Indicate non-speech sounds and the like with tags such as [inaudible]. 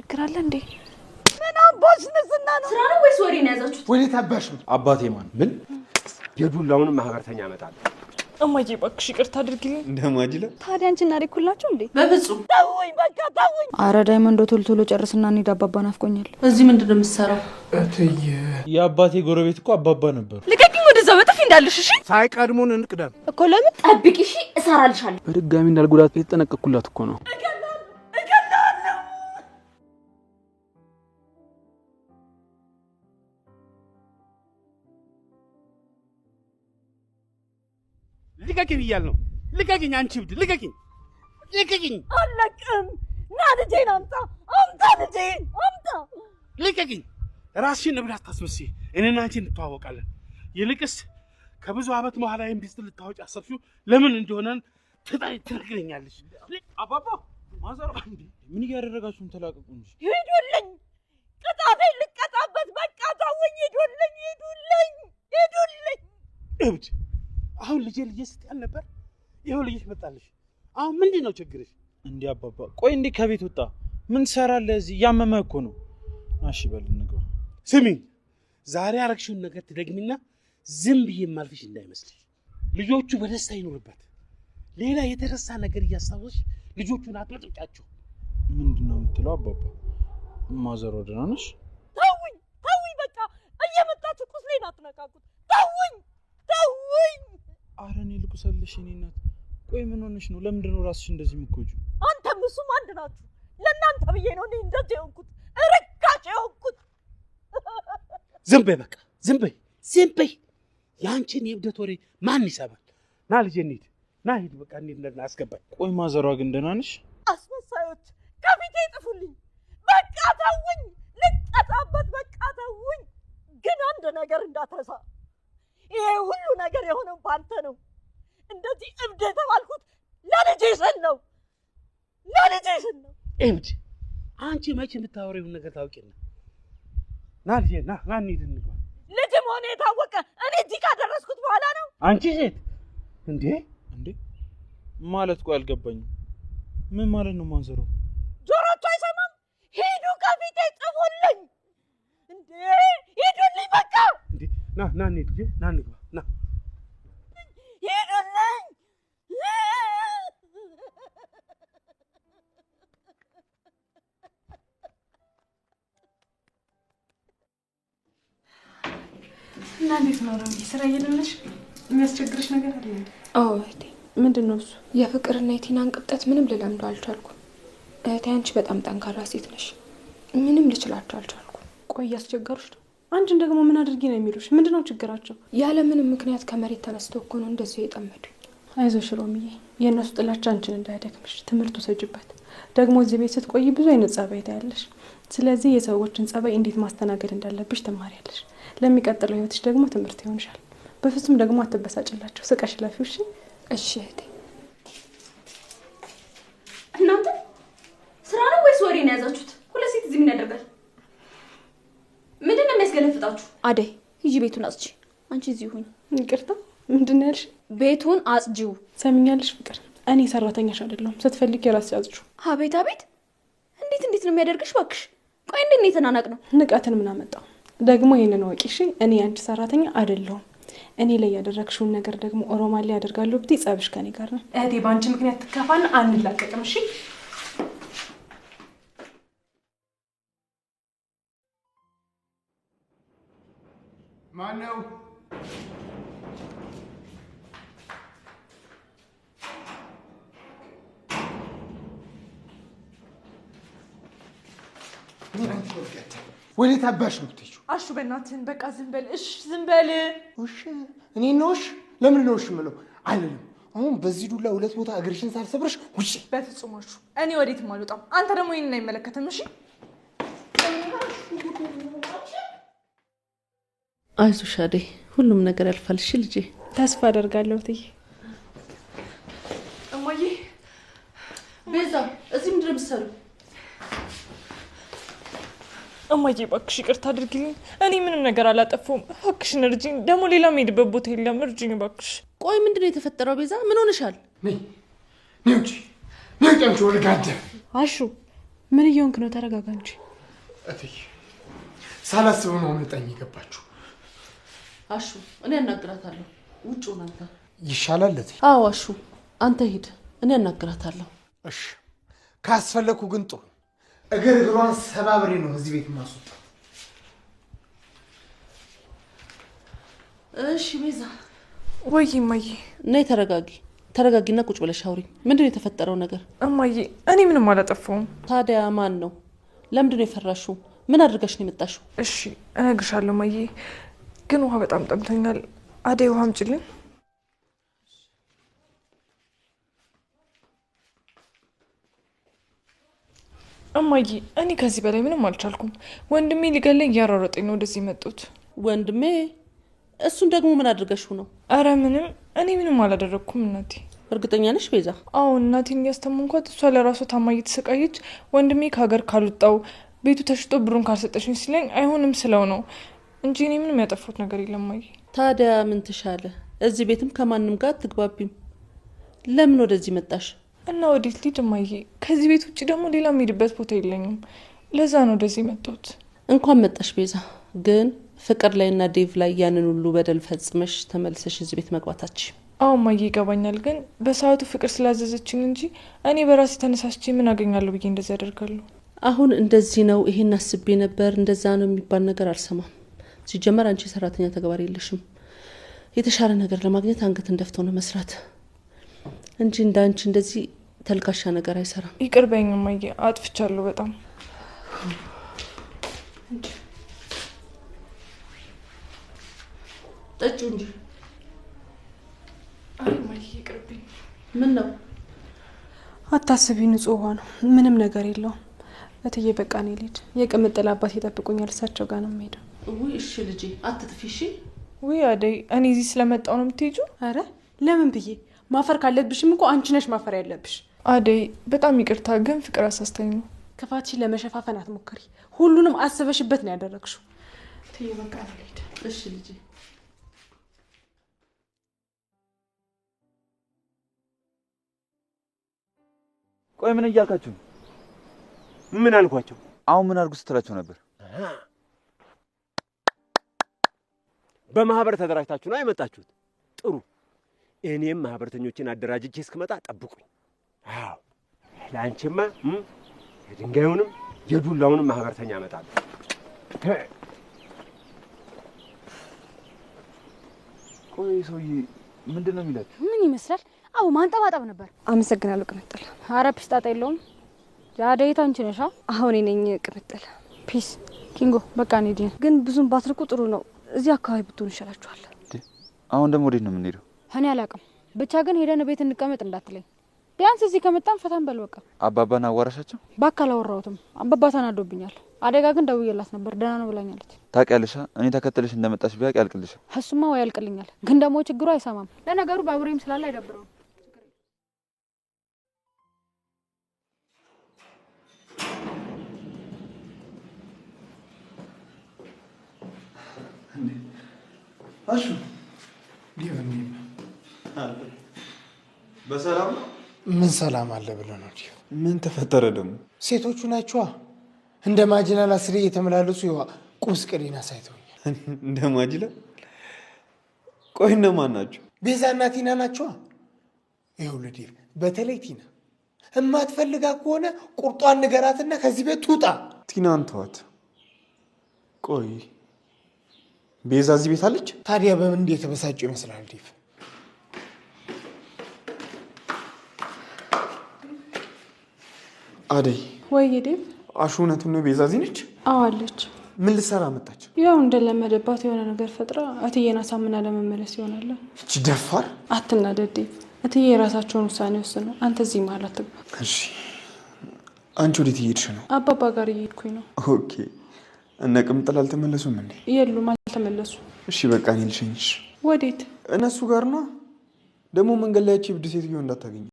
ችግር አለ እንዴ? ምን አባሽ ንስና ነው? ስራ ነው ወይስ ወሬ ነው ያዛችሁት? ወዴት አባሽ ነው? አባቴ ማን ምን የዱላውንም ማህበርተኛ እመጣለሁ። እማዬ እባክሽ ይቅርታ አድርጊልኝ። እንደማጅለ ታዲያ አንቺና እና ሪኩላችሁ እንዴ? በፍጹም ተውኝ፣ በቃ ተውኝ። አረ ዳይመንዶ ቶሎ ቶሎ ጨርስና እንሂድ፣ አባባ ናፍቆኛል። እዚህ ምንድን ነው የምትሰራው? እትዬ የአባቴ ጎረቤት እኮ አባባ ነበሩ። ልቀቂኝ፣ ወደዛ በጥፊ እንዳልሽ። እሺ ሳይቀድሙን እንቅደም እኮ ለምን ጠብቂ፣ እሺ እሰራልሻለሁ። በድጋሚ እንዳልጎዳት የተጠነቀቅኩላት እኮ ነው። ልቀቂ ብያለሁ። ልቀቂኝ፣ አንቺ እብድ ልቀቂኝ፣ ልቀቂኝ። አለቅም። ና ልጄን አምጣ፣ አምጣ ልጄን አምጣ። ልቀቂኝ። ራስሽን እብድ አታስመስይ። እኔና አንቺ እንተዋወቃለን። ይልቅስ ከብዙ ዓመት በኋላ ይህን ቢስት ልታወጭ አሰብሽው ለምን እንደሆነን ትጣይ ትነግረኛለሽ። አባባ ማዘር፣ ምን እያደረጋችሁም? ተላቀቁ እንጂ ሂዱልኝ። ቅጣቴን ልቀጣበት። በቃ ተውኝ። ሂዱልኝ፣ ሂዱልኝ፣ ሂዱልኝ። እብድ አሁን ልጄ ልጄ ስትያል ነበር። ይኸው ልጅሽ መጣልሽ። አሁን ምንድን ነው ችግርሽ? እንዲህ አባባ ቆይ፣ እንዲህ ከቤት ወጣ ምን ትሰራለህ እዚህ? እያመመህ እኮ ነው። እሺ በል እንግባ። ስሚ፣ ዛሬ አረግሽውን ነገር ትደግሚና ዝም ብዬ የማልፍሽ እንዳይመስልሽ። ልጆቹ በደስታ ይኖርበት። ሌላ የተረሳ ነገር እያስታወስሽ ልጆቹን አትመጥጫቸው። ምንድን ነው የምትለው አባባ? ማዘሯ ደህና ነሽ? ተውኝ ተውኝ፣ በቃ እየመጣችሁ ቁስሌን አትነካኩት። ተውኝ ተውኝ አረ እኔ ልቁሰልሽ የእኔ እናት። ቆይ ምን ሆነሽ ነው? ለምንድን ነው ራስሽ እንደዚህ የምትጎጂው? አንተም እሱም አንድ ናችሁ። ለእናንተ ብዬ ነው እኔ እንደዚህ የሆንኩት፣ ርካሽ የሆንኩት። ዝም በይ በቃ ዝም በይ ዝም በይ። የአንቺን የእብደት ወሬ ማን ይሰማል? ና ልጄ እንሂድ፣ ና ሂድ፣ በቃ እንሂድ። እንደና አስገባኝ። ቆይ ማዘሯ ግን ደህና ነሽ? አስመሳዮች ከፊቴ ይጥፉልኝ። በቃ ተውኝ፣ ልጠፋበት። በቃ ተውኝ። ግን አንድ ነገር እንዳትረሳ ይሄ ሁሉ ነገር የሆነው ባንተ ነው። እንደዚህ እብድ የተባልኩት ለልጄ ስል ነው፣ ለልጄ ስል ነው። እብድ አንቺ መቼ የምታወሪውን ነገር ታውቂና፣ ና ልጄ ና ና እንሂድ እንግባ። ልጅ መሆኑ የታወቀ እኔ እዚህ ካደረስኩት በኋላ ነው። አንቺ ሴት እንዴ! እንዴ ማለት ቆይ፣ አልገባኝም። ምን ማለት ነው ማንዘሮ? ጆሮቹ አይሰማም። ሂዱ ከፊቴ ጥፉልኝ! እንዴ ሂዱልኝ በቃ ና ና እንሂድ እ ና እንግባ ና እና እንዴት ነው ስራ እየለመሽ የሚያስቸግርሽ ነገር አለ? አዎ ምንድን ነው እሱ? የፍቅርና የቲናን ቅብጠት ምንም ልለምዶ አልቻልኩም እህቴ። አንቺ በጣም ጠንካራ ሴት ነሽ። ምንም ልችላቸው አልቻልኩም። ቆይ እያስቸገሩሽ አንድ ደግሞ ምን አድርጊ ነው የሚሉሽ? ምንድነው ችግራቸው? ያለምንም ምክንያት ከመሬት ተነስቶ እኮ ነው እንደዚሁ የጠመዱኝ። አይዞሽ ሮምዬ፣ የእነሱ ጥላቻ አንቺን እንዳያደክምሽ ትምህርቱ ሰጅበት ደግሞ እዚህ ቤት ስትቆይ ብዙ አይነት ጸባይ ታያለሽ። ስለዚህ የሰዎችን ጸባይ እንዴት ማስተናገድ እንዳለብሽ ትማሪያለሽ። ለሚቀጥለው ህይወትሽ ደግሞ ትምህርት ይሆንሻል። በፍጹም ደግሞ አትበሳጭላቸው፣ ስቀሽ ለፊው። እሺ? እሺ እህቴ። እናንተ ስራ ነው ወይስ ወሬ ነው የያዛችሁት? ሁለት ሴት እዚህ ምን ያደርጋል? ምንድን ነው የሚያስገለፍጣችሁ? አደይ ሂጂ ቤቱን አጽጂ። አንቺ እዚህ ሁኝ። ይቅርታ፣ ምንድን ነው ያልሽ? ቤቱን አጽጂው። ሰምኛለሽ ፍቅር፣ እኔ ሰራተኛሽ አይደለሁም። ስትፈልግ የራስሽ አጽጂው። አቤት አቤት፣ እንዴት እንዴት ነው የሚያደርግሽ? እባክሽ ቆይ፣ እንዴት ነው የተናናቅ ነው? ንቀትን ምን አመጣው ደግሞ? ይህንን ወቂሽ፣ እኔ አንቺ ሰራተኛ አይደለሁም። እኔ ላይ ያደረግሽውን ነገር ደግሞ ኦሮማ ላይ ያደርጋለሁ ብትይ ጸብሽ ከኔ ጋር ነው እህቴ። በአንቺ ምክንያት ትከፋና አንላቀቅም። እሺ know. ወደ ታባሽ ነው የምትሄጂው? አሹ በእናትህን በቃ ዝም በል እሺ፣ ዝም በል እሺ። እኔ ነው ለምን ነው እሺ የምለው? አልልም። አሁን በዚህ ዱላ ሁለት ቦታ እግርሽን ሳልሰብርሽ ውጪ። በፍጹም አሹ፣ እኔ ወዴትም አልወጣም። አንተ ደግሞ ይሄንን አይመለከትም። እሺ አይዞሽ ሻዴ፣ ሁሉም ነገር ያልፋል። እሺ ልጄ። ተስፋ አደርጋለሁ ትይ እማዬ፣ ቤዛ፣ እዚህ ምንድን ነው የምትሰሪው? እማዬ፣ እባክሽ ይቅርታ አድርጊልኝ። እኔ ምንም ነገር አላጠፋሁም። እባክሽን እርጅኝ። ደግሞ ሌላ የምሄድበት ቦታ የለም። እርጅኝ እባክሽ። ቆይ ምንድን ነው የተፈጠረው? ቤዛ፣ ምን ሆነሻል? ውጭ ውጭ። ወርጋደ አሹ፣ ምን እየሆንክ ነው? ተረጋጋ እንጂ። እትዬ፣ ሳላስበው ነው ምንጠኝ የገባችሁ አሹ እኔ አናግራታለሁ። ውጭ ናንተ ይሻላል። አዎ አሹ አንተ ሂድ፣ እኔ አናግራታለሁ። እሺ ካስፈለግኩ ግን ጥሩ እግር እግሯን ሰባብሬ ነው እዚህ ቤት ማስወጣ። እሺ ቤዛ። ወይ እማዬ፣ ነይ ተረጋጊ። ተረጋጊና ቁጭ ብለሽ አውሪ። ምንድን ነው የተፈጠረው ነገር? እማዬ፣ እኔ ምንም አላጠፋውም። ታዲያ ማን ነው? ለምንድን ነው የፈራሽው? ምን አድርጋሽ ነው የመጣሽው? እሺ እነግርሻለሁ እማዬ ግን ውሃ በጣም ጠምቶኛል። አደይ ውሃ አምጪልኝ። እማዬ፣ እኔ ከዚህ በላይ ምንም አልቻልኩም። ወንድሜ ሊገለኝ እያሯረጠኝ ነው ወደዚህ መጡት። ወንድሜ? እሱን ደግሞ ምን አድርገሽው ነው? አረ ምንም፣ እኔ ምንም አላደረግኩም እናቴ። እርግጠኛ ነሽ ቤዛ? አዎ እናቴን እያስተመንኳት፣ እሷ ለራሷ ታማ እየተሰቃየች፣ ወንድሜ ከሀገር ካልወጣው ቤቱ ተሽጦ ብሩን ካልሰጠሽኝ ሲለኝ አይሆንም ስለው ነው እንጂ እኔ ምንም ያጠፉት ነገር የለም። ማየ ታዲያ ምን ትሻለ? እዚህ ቤትም ከማንም ጋር አትግባቢም። ለምን ወደዚህ መጣሽ? እና ወዴት ልሂድ ማየ? ከዚህ ቤት ውጭ ደግሞ ሌላ የሚሄድበት ቦታ የለኝም። ለዛ ነው ወደዚህ መጣሁት። እንኳን መጣሽ ቤዛ። ግን ፍቅር ላይና ዴቭ ላይ ያንን ሁሉ በደል ፈጽመሽ ተመልሰሽ እዚህ ቤት መግባታች አሁን ማየ ይገባኛል። ግን በሰዓቱ ፍቅር ስላዘዘችኝ እንጂ እኔ በራሴ ተነሳስቼ ምን አገኛለሁ ብዬ እንደዚህ ያደርጋሉ። አሁን እንደዚህ ነው፣ ይሄን አስቤ ነበር፣ እንደዛ ነው የሚባል ነገር አልሰማም። ሲጀመር አንቺ ሰራተኛ ተግባር የለሽም። የተሻለ ነገር ለማግኘት አንገትን ደፍተው ነው መስራት እንጂ እንደ አንቺ እንደዚህ ተልካሻ ነገር አይሰራም። ይቅር በይኝ እማዬ፣ አጥፍቻለሁ በጣም ጠጩ እንጂ ምን ነው አታስቢ፣ ንጹህ ውሃ ነው፣ ምንም ነገር የለውም። እትዬ በቃ እኔ ልሂድ። የቅምጥል አባት ይጠብቁኛል፣ እሳቸው ጋር ነው የምሄደው። ውይ እሺ ልጄ አትጥፊ እሺ። ውይ አደይ እኔ እዚህ ስለመጣው ነው የምትሄጂው? አረ ለምን ብዬ ማፈር ካለብሽም እኮ አንቺ ነሽ ማፈር ያለብሽ። አደይ በጣም ይቅርታ፣ ግን ፍቅር አሳስተኝ ነው። ክፋትሽን ለመሸፋፈን አትሞክሪ። ሁሉንም አስበሽበት ነው ያደረግሽው። በቃ ልሄድ። እሺ ልጄ ቆይ ምን እያልካችሁ? ምን አልኳቸው? አሁን ምን አድርጉ ስትላቸው ነበር? በማህበር ተደራጅታችሁ ነው የመጣችሁት። ጥሩ፣ እኔም ማህበረተኞችን አደራጅቼ እስክመጣ ጠብቁኝ። አዎ፣ ለአንቺማ የድንጋዩንም የዱላውንም ማህበረተኛ እመጣለሁ። ቆይ ሰውዬ ምንድን ነው የሚላችሁ? ምን ይመስላል? አዎ ማንጠባጠብ ነበር። አመሰግናለሁ ቅምጥል። አረ ፒስ፣ ጣጣ የለውም። አደይት አንቺ ነሽ? አሁን ነኝ ቅምጥል። ፒስ ኪንጎ፣ በቃ እንሂድ። ግን ብዙም ባትርቁ ጥሩ ነው። እዚህ አካባቢ ብትሆን ይሻላችኋል። አሁን ደግሞ ወዴት ነው የምንሄደው? እኔ አላውቅም። ብቻ ግን ሄደን ቤት እንቀመጥ እንዳትለኝ። ቢያንስ እዚህ ከመጣን ፈታን በል በቃ። አባባን አዋራሻቸው? ባካ አላወራሁትም። አባባ ተናዶብኛል። አደጋ ግን ደውዬላት ነበር፣ ደህና ነው ብላኛለች። ታውቂያለሽ፣ እኔ ተከተለሽ እንደመጣሽ ቢያውቅ ያልቅልሻል። እሱማ ወይ ያልቅልኛል፣ ግን ደግሞ ችግሩ አይሰማም። ለነገሩ ባቡሬም ስላለ አይደብረውም። እሺ ሊሆን በሰላም ነው። ምን ሰላም አለ ብለ ነው? ምን ተፈጠረ ደግሞ? ሴቶቹ ናቸዋ እንደ ማጅላል አስሬ እየተመላለሱ ይዋ ቁስ ቅሪና አሳይተውኛል። [laughs] እንደ ማጅላል? ቆይ እነማን ናቸው? ቤዛና ቲና ናቸዋ። ይኸውልህ ዴቭ፣ በተለይ ቲና እማትፈልጋ ከሆነ ቁርጧን ንገራትና ከዚህ ቤት ትውጣ። ቲናን ተዋት። ቆይ ቤዛ እዚህ ቤት አለች። ታዲያ በምን እንደ የተበሳጨው ይመስላል ዴቭ? አደይ ወይ ዴቭ አሹ፣ እውነቱን ነው ቤዛ እዚህ ነች? አዎ አለች። ምን ልትሰራ መጣች? ያው እንደለመደባት የሆነ ነገር ፈጥራ እትዬን አሳምና ለመመለስ ይሆናል። እች ደፋር! አትናደድ ዴቭ፣ እትዬ የራሳቸውን ውሳኔ ወስነው፣ አንተ እዚህ መሀል አትግባ። እሺ፣ አንቺ ወዴት እየሄድሽ ነው? አባባ ጋር እየሄድኩኝ ነው። ኦኬ። እነ ቅምጥል አልተመለሱም እንዴ? የሉም ተመለሱ። እሺ በቃ እኔ ልሸኝሽ። ወዴት? እነሱ ጋር ነው ደግሞ መንገድ ላይ እቺ ብድ ሴትዮ እንዳታገኝ